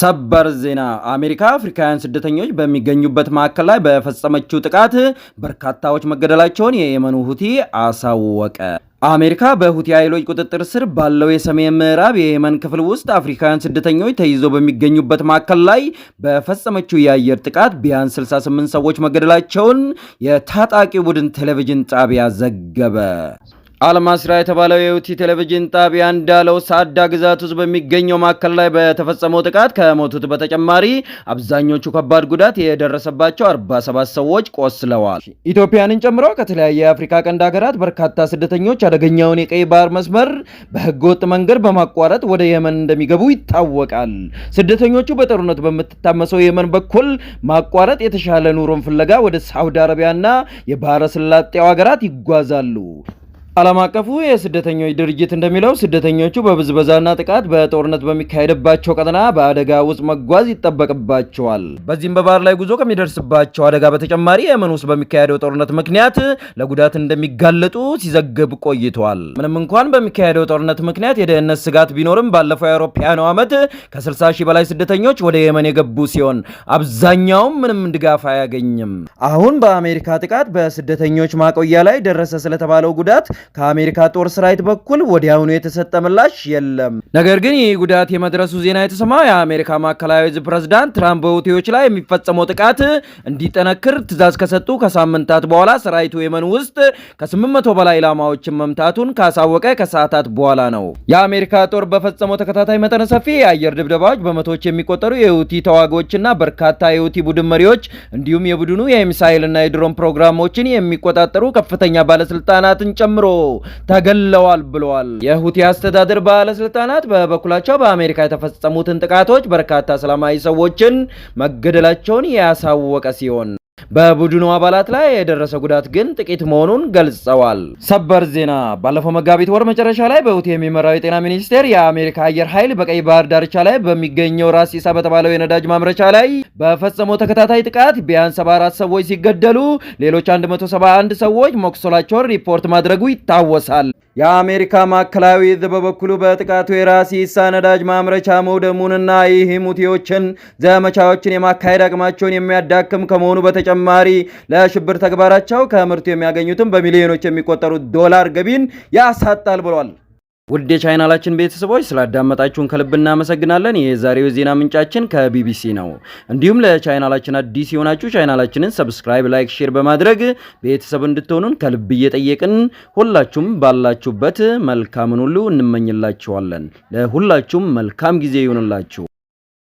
ሰበር ዜና አሜሪካ አፍሪካውያን ስደተኞች በሚገኙበት ማዕከል ላይ በፈጸመችው ጥቃት በርካታዎች መገደላቸውን የየመኑ ሁቲ አሳወቀ። አሜሪካ በሁቲ ኃይሎች ቁጥጥር ስር ባለው የሰሜን ምዕራብ የየመን ክፍል ውስጥ አፍሪካውያን ስደተኞች ተይዘው በሚገኙበት ማዕከል ላይ በፈጸመችው የአየር ጥቃት ቢያንስ 68 ሰዎች መገደላቸውን የታጣቂ ቡድን ቴሌቪዥን ጣቢያ ዘገበ። አልማስራ የተባለው የውቲ ቴሌቪዥን ጣቢያ እንዳለው ሳዳ ግዛት ውስጥ በሚገኘው ማዕከል ላይ በተፈጸመው ጥቃት ከሞቱት በተጨማሪ አብዛኞቹ ከባድ ጉዳት የደረሰባቸው 47 ሰዎች ቆስለዋል። ኢትዮጵያንን ጨምሮ ከተለያየ የአፍሪካ ቀንድ ሀገራት በርካታ ስደተኞች አደገኛውን የቀይ ባህር መስመር በህገወጥ መንገድ በማቋረጥ ወደ የመን እንደሚገቡ ይታወቃል። ስደተኞቹ በጦርነት በምትታመሰው የመን በኩል ማቋረጥ የተሻለ ኑሮን ፍለጋ ወደ ሳውዲ አረቢያና የባህረ ስላጤው ሀገራት ይጓዛሉ። ዓለም አቀፉ የስደተኞች ድርጅት እንደሚለው ስደተኞቹ በብዝበዛና ጥቃት በጦርነት በሚካሄድባቸው ቀጠና በአደጋ ውስጥ መጓዝ ይጠበቅባቸዋል። በዚህም በባህር ላይ ጉዞ ከሚደርስባቸው አደጋ በተጨማሪ የመን ውስጥ በሚካሄደው ጦርነት ምክንያት ለጉዳት እንደሚጋለጡ ሲዘግብ ቆይቷል። ምንም እንኳን በሚካሄደው ጦርነት ምክንያት የደህንነት ስጋት ቢኖርም ባለፈው የአውሮፓውያኑ ዓመት ከ60 ሺህ በላይ ስደተኞች ወደ የመን የገቡ ሲሆን አብዛኛውም ምንም ድጋፍ አያገኝም። አሁን በአሜሪካ ጥቃት በስደተኞች ማቆያ ላይ ደረሰ ስለተባለው ጉዳት ከአሜሪካ ጦር ሰራዊት በኩል ወዲያውኑ የተሰጠ ምላሽ የለም። ነገር ግን ይህ ጉዳት የመድረሱ ዜና የተሰማው የአሜሪካ ማዕከላዊ እዝ ፕሬዝዳንት ትራምፕ በሁቲዎች ላይ የሚፈጸመው ጥቃት እንዲጠነክር ትእዛዝ ከሰጡ ከሳምንታት በኋላ ሰራዊቱ የመን ውስጥ ከ800 በላይ ኢላማዎችን መምታቱን ካሳወቀ ከሰዓታት በኋላ ነው። የአሜሪካ ጦር በፈጸመው ተከታታይ መጠነ ሰፊ የአየር ድብደባዎች በመቶዎች የሚቆጠሩ የሁቲ ተዋጊዎችና በርካታ የሁቲ ቡድን መሪዎች እንዲሁም የቡድኑ የሚሳይልና የድሮን ፕሮግራሞችን የሚቆጣጠሩ ከፍተኛ ባለስልጣናትን ጨምሮ ተገለዋል ብለዋል። የሁቲ አስተዳደር ባለስልጣናት በበኩላቸው በአሜሪካ የተፈጸሙትን ጥቃቶች በርካታ ሰላማዊ ሰዎችን መገደላቸውን ያሳወቀ ሲሆን በቡድኑ አባላት ላይ የደረሰ ጉዳት ግን ጥቂት መሆኑን ገልጸዋል። ሰበር ዜና ባለፈው መጋቢት ወር መጨረሻ ላይ በሁቲ የሚመራው የጤና ሚኒስቴር የአሜሪካ አየር ኃይል በቀይ ባህር ዳርቻ ላይ በሚገኘው ራስ ኢሳ በተባለው የነዳጅ ማምረቻ ላይ በፈጸመው ተከታታይ ጥቃት ቢያንስ 74 ሰዎች ሲገደሉ ሌሎች 171 ሰዎች መቁሰላቸውን ሪፖርት ማድረጉ ይታወሳል። የአሜሪካ ማዕከላዊ እዝ በበኩሉ በጥቃቱ የራሲሳ ነዳጅ ማምረቻ መውደሙንና ይህም ዘመቻዎችን የማካሄድ አቅማቸውን የሚያዳክም ከመሆኑ በተጨማሪ ለሽብር ተግባራቸው ከምርቱ የሚያገኙትን በሚሊዮኖች የሚቆጠሩት ዶላር ገቢን ያሳጣል ብሏል። ውድ የቻይናላችን ቤተሰቦች ስላዳመጣችሁን ከልብ እናመሰግናለን። የዛሬው ዜና ምንጫችን ከቢቢሲ ነው። እንዲሁም ለቻይናላችን አዲስ የሆናችሁ ቻይናላችንን ሰብስክራይብ፣ ላይክ፣ ሼር በማድረግ ቤተሰብ እንድትሆኑን ከልብ እየጠየቅን ሁላችሁም ባላችሁበት መልካምን ሁሉ እንመኝላችኋለን። ለሁላችሁም መልካም ጊዜ ይሆንላችሁ።